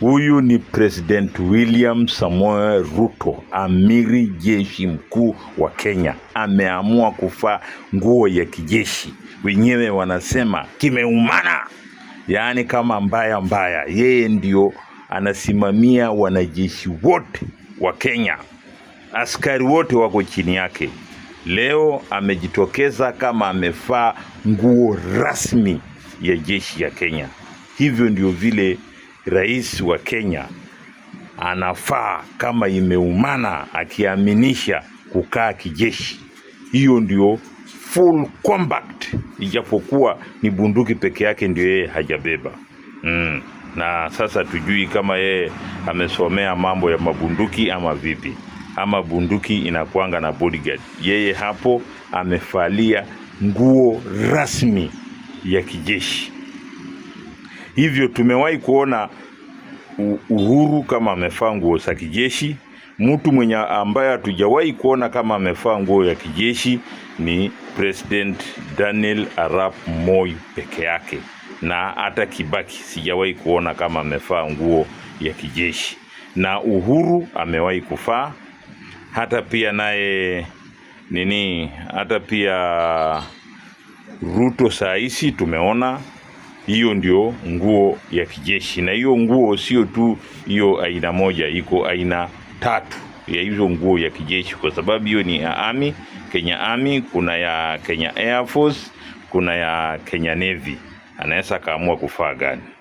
Huyu ni President William Samoe Ruto, amiri jeshi mkuu wa Kenya, ameamua kuvaa nguo ya kijeshi. Wenyewe wanasema kimeumana, yaani kama mbaya mbaya. Yeye ndio anasimamia wanajeshi wote wa Kenya, askari wote wako chini yake. Leo amejitokeza kama amevaa nguo rasmi ya jeshi ya Kenya. Hivyo ndio vile rais wa Kenya anafaa kama imeumana, akiaminisha kukaa kijeshi. Hiyo ndio full combat, ijapokuwa ni bunduki peke yake ndio yeye hajabeba mm. Na sasa tujui kama yeye amesomea mambo ya mabunduki ama vipi, ama bunduki inakwanga na bodyguard. Yeye hapo amefalia nguo rasmi ya kijeshi. Hivyo tumewahi kuona Uhuru kama amevaa nguo za kijeshi. Mtu mwenye ambaye hatujawahi kuona kama amevaa nguo ya kijeshi ni President Daniel Arap Moi peke yake, na hata Kibaki sijawahi kuona kama amevaa nguo ya kijeshi, na Uhuru amewahi kuvaa hata pia naye nini, hata pia Ruto saa hizi tumeona hiyo ndio nguo ya kijeshi, na hiyo nguo sio tu hiyo aina moja, iko aina tatu ya hizo nguo ya kijeshi, kwa sababu hiyo ni ya Army, Kenya Army, kuna ya Kenya Air Force, kuna ya Kenya Navy. Anaweza akaamua kufaa gani?